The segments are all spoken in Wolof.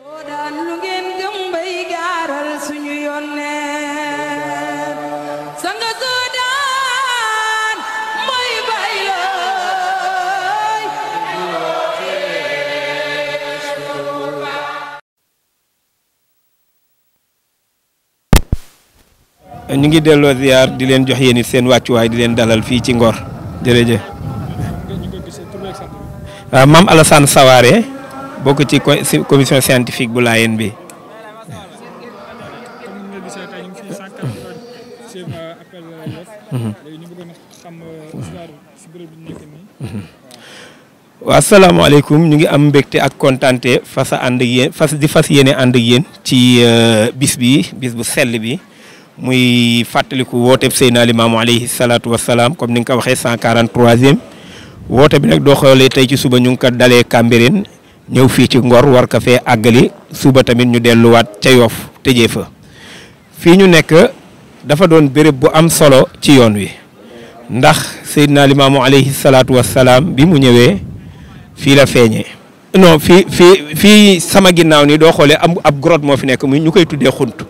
soo ngi delo ziar di len jox sen waccu way di len dalal fi ci ngor jërëjëf waaw mam Alassane saware bokku ci commission scientifique bu laayeen wa assalamu alaykum ñu ngi am mbekté ak contenté face and ak yéen fas di face yene and ak yéen ci euh, bis bi bis bu sel bi muy wote seyna ali mamou alayhi salatu wassalam comme ni nga waxe 143e wote bi nak do xolé tay ci suba ñu ko dalé Cambérène ñëw fii ci Ngor war ko fee àggali suba tamit ñu delluwaat ca yoof tëjee fa fii ñu nekk dafa doon béréb bu am solo ci yoon wi ndax seyd Seydina Limaamu alayhi salaatu wassalaam bi mu ñëwee fii la feeñee non fii fii fii sama ginnaaw ni doo xoolee am ab grotte moo fi nekk muy ñu koy tuddee xunt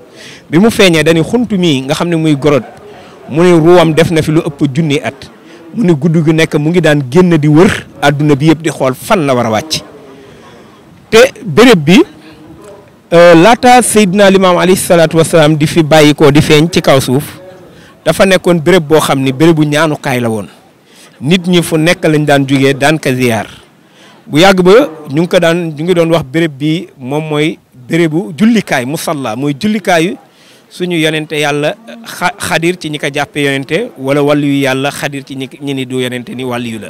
bi mu feeñee dañuy xunt mii nga xam ne muy grotte mu ne ruwam def na fi lu ëpp junni at mu ne gudd gu nekk mu ngi daan génn di wër àdduna bi yëpp di xool fan la war a wàcc te béréb bi euh, laata Seydina Limaam alayhi salaatu wasalaam di fi bàyyikoo di feeñ ci kaw suuf dafa nekkoon béréb boo xam ni bérébu ñaanukaay la woon nit ñi fu nekk lañ daan jugee daan ka ziyaar bu yàgg ba ñu ngi ko daan ñu ngi doon wax béréb bii moom mooy bérébu jullikaay musalla mooy jullikaay suñu yonente yàlla xadir ci ñi ko jàppee yonente wala wàllu yàlla xadir ci ñi ñi ni du yonente ni wàllu la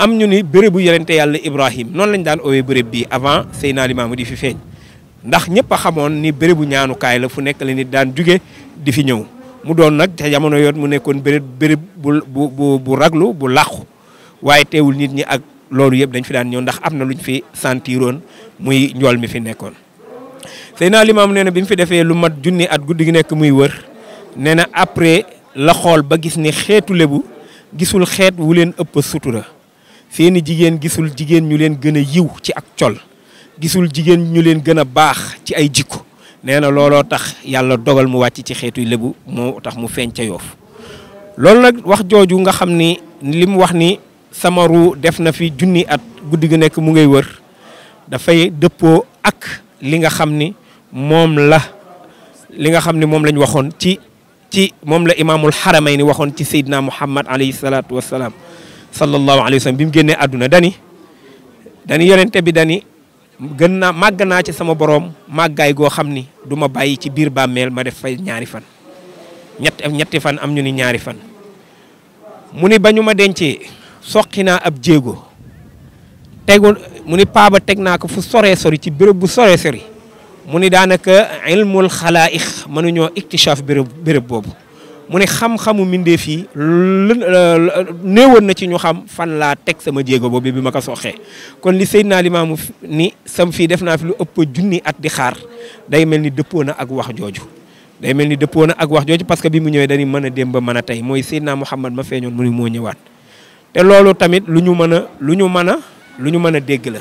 am ñu ni bérébu yonente yàlla Ibrahim noonu lañ daan owe béréb bi avant Seydina Limaamu di fi feeñ ndax ñëpp xamoon ni bërëbu ñaanukaay la fu nekk la nit daan juge di fi ñëw mu doon nag te jamono yoon mu nekkoon béréb bërëb bu bu bu raglu bu làqu waaye teewul nit ñi ak loolu yëpp dañ fi daan ñëw ndax am na luñ fi sentiroon muy njool mi fi nekkoon. Seydina Limaamu nee na bi mu fi defee lu mat junni at guddi gi nekk muy wër nee na après la xool ba gis ni xeetu lebu gisul xeet wu leen ëpp sutura. seeni jigéen gisul jigéen ñu leen gën a yiw ci ak col gisul jigéen ñu leen gën a baax ci ay jikko nee na looloo tax yàlla dogal mu wàcc ci xeetuy lébu moo tax mu feeñ ca yoof loolu nag wax jooju nga xam ni li mu wax ni samaru def na fi junni at guddi gu nekk mu ngay wër dafay dëppoo ak li nga xam ni moom la li nga xam ni moom lañ waxoon ci ci moom la imaamul xaramay ni waxoon ci seydina muhammad alayhi salaatu wassalaam sallallahu alayhi wa bi mu génnee àdduna dani dani yonente bi dani gën naa màgg naa ci sama boroom màggaay goo xam ni duma bàyyi ci biir bàmmeel ma def fay ñaari fan ñetti fan am ñu ni ñaari fan mu ni ba ma dencee soqi naa ab jéego tegu mu ni paaba teg naa ko fu soree sori ci bërëb bu sore sori mu ni daanaka ilmul xalaaix mënuñoo iktishaaf béréb béréb boobu mu ne xam-xamu mbindeef yi néewoon na ci ñu xam fan laa teg sama jéego boobu bi ma ko soxee kon li naa Seydina Limaamu ni sam fii def naa fi lu ëpp junni at di xaar day mel ni dëppoo na ak wax jooju day mel ni dëppoo na ak wax jooju parce que bi mu ñëwee dañuy mën a démb mën a tey mooy Seydina Muhammad ma feeñoon mu ni moo ñëwaat te loolu tamit lu ñu mën a lu ñu mën a lu ñu mën a dégg la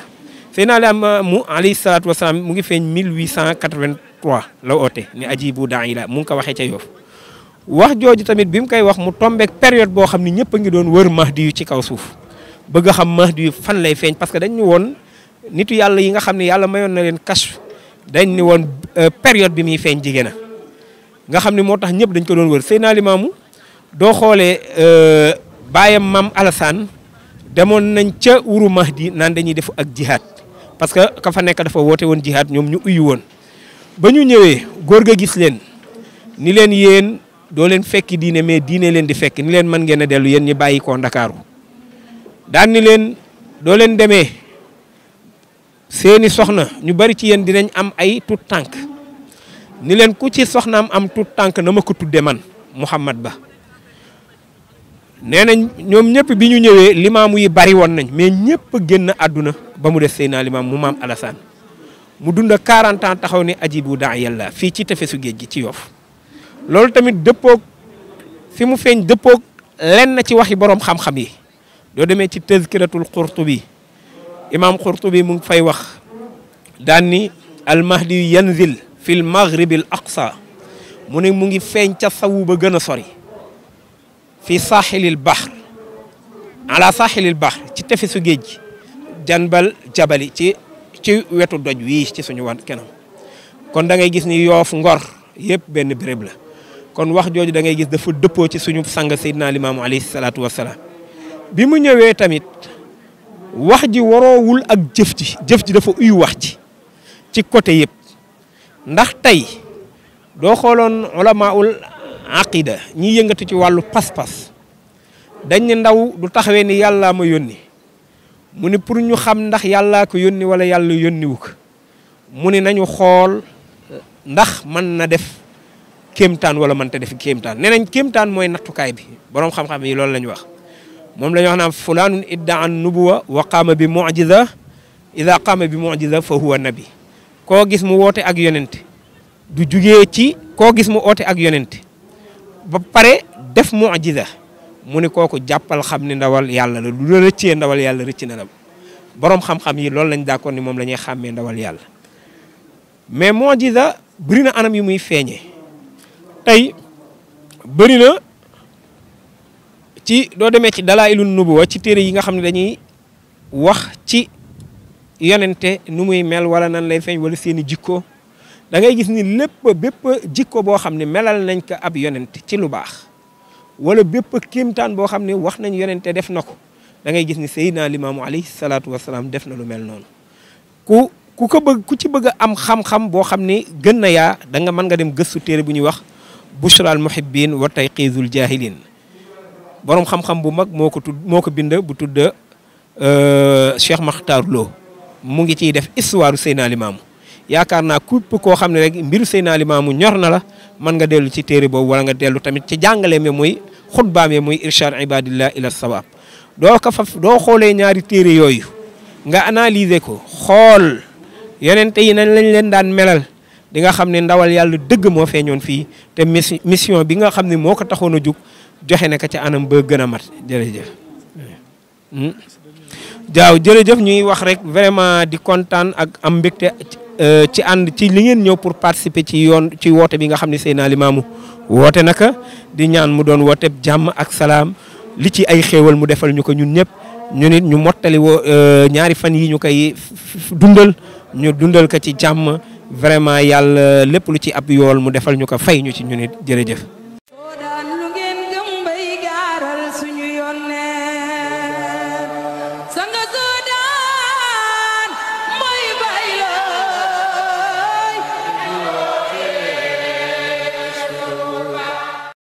Seydina Limaamu alayhi salaatu wasalaam mu ngi feeñ 1883 la oote ni daan yi la mu ngi ko waxee ca Yoof wax jooju tamit bi mu koy wax mu tombeek période boo xam ni ñëpp a ngi doon wër mahdi yu ci kaw suuf bëgg xam mahdi yu fan lay feeñ parce que dañ ñu woon nitu yàlla yi nga xam ne yàlla mayoon na leen kashf dañ ni woon euh, période bi muy feeñ jigéen na nga xam ne moo tax ñëpp dañ ko doon wër Seydina Limaamu doo xoolee euh, baayam maam Alassane demoon nañ ca wuru mahdi naan dañuy defu ak jihad parce que ka fa nekk dafa woote woon jihad ñoom ñu uyu woon ba ñu ñëwee góor ga gis leen doo leen fekki diine mais diine leen di fekki ni leen mën ngeen a dellu yéen ñi bàyyi ko ndakaaru daan ni leen doo leen demee seeni soxna ñu bari ci yéen dinañ am ay tut tànk ni leen ku ci soxnaam am tut tànk na ma ko tudde man Mouhamad Ba nee nañ ñoom ñëpp bi ñu ñëwee limaamu yi bari woon nañ mais ñëpp génn àdduna ba mu def Seydina Limaam mu maam Alassane mu dund 40 ans taxaw ne ajibu daa yàlla fii ci tefesu géej gi ci Yoff lolou tamit deppok fi feñ deppok len ci waxi borom xam-xam yi do deme ci tazkiratul qurtubi imam qurtubi mu ngi fay wax dani al mahdi yanzil fil maghrib al aqsa mu ne mu ngi feñ ca sawu ba gëna sori fi sahil al bahr ala sahil al bahr ci tefesu géej janbal jabali ci ci wetu doj wi ci suñu wan kenam kon da ngay gis ni yof ngor yep ben béréb la kon wax jooju da ngay gis dafa dëppoo ci suñu sang Seydina Limaamu alayhi salaatu wasalaam bi mu ñëwee tamit wax ji waroowul ak jëf ji jëf ji dafa uyu wax ji ci côté yëpp ndax tey doo xooloon ulamaul aqida ñiy yëngatu ci wàllu pas-pas dañ ne ndaw du taxawee ni yàllaa ma yónni mu ni pour ñu xam ndax yàllaa ko wala yalla yoni wuk mu nañu xool ndax na def kéemtaan wala manta def kéemtaan nee nañ kéemtaan mooy nattukaay bi borom xam-xam yi loolu la ñu wax moom la ñu wax naan fulaanun idda an nubuwa wa kaama bi mujiza ida qaama bi mujiza fa huwa nabi koo gis mu woote ak yonent du jugee ci koo gis mu woote ak yonent ba pare def mujiza mu ne kooku jàppal xam ni ndawal yàlla la lu la rëccee ndawal yàlla rëcc na la boroom xam-xam yi loolu lañ d'accord ni moom la ñuy xàmmee ndawal yàlla mais mu bëri na feeñee tey bëri na ci doo demee ci dalaa'ilun nubuwa ci téere yi nga xam ne dañuy wax ci yonente nu muy mel wala nan lay feeñ wala seeni jikko da ngay gis ni lépp bépp jikko boo xam ne melal nañ ko ab yonent ci lu baax wala bépp kéemtaan boo xam ne wax nañ yonente def na ko dangay gis ni Seydina Limaamu alayhi salaatu wasalaam def na lu mel noonu ku ku ko bëgg ku ci bëgg am xam-xam boo xam ne gën na yaa danga mën nga dem gëstu téere bu ñuy wax bushra al muhibbin wa tayqiizul jaahilin borom xam-xam bu mag moo ko tudd moo ko bind bu tudd Cheikh Makhtar Lo mu ngi ciy def histoire Seydina Limaamu yaakaar naa képp koo xam ne rek mbiru Seydina Limaamu ñor na la mën nga dellu ci téere boobu wala nga dellu tamit ci jàngaleem ya muy xutbaam ya muy irshad ibadillah ila sawaab doo ko fa doo xoolee ñaari téere yooyu nga analyser ko xool yeneen yi nañ lañ leen daan melal di nga xam ndawal yalla deug mo feñon fi te mission bi nga xam moko taxono juk joxe nek ci anam ba jere jef mat jërëjëf hmm? jaaw jef ñuy wax rek vraiment di contane ak am mbekté euh, ci and ci li ngeen ñew pour participer ci yoon ci wote bi nga xam seyna limamu wote naka di ñaan mu doon wote jam ak salam li ci ay xéewal mu defal ñuko ñun ñep ñu nit ñu motali wo euh, ñaari fan yi ñukay dundal ñu dundal ka ci jam vraiment yàlla lépp lu ci ab yool mu defal ñu ko fay ñu ci ñu ne jërëjëf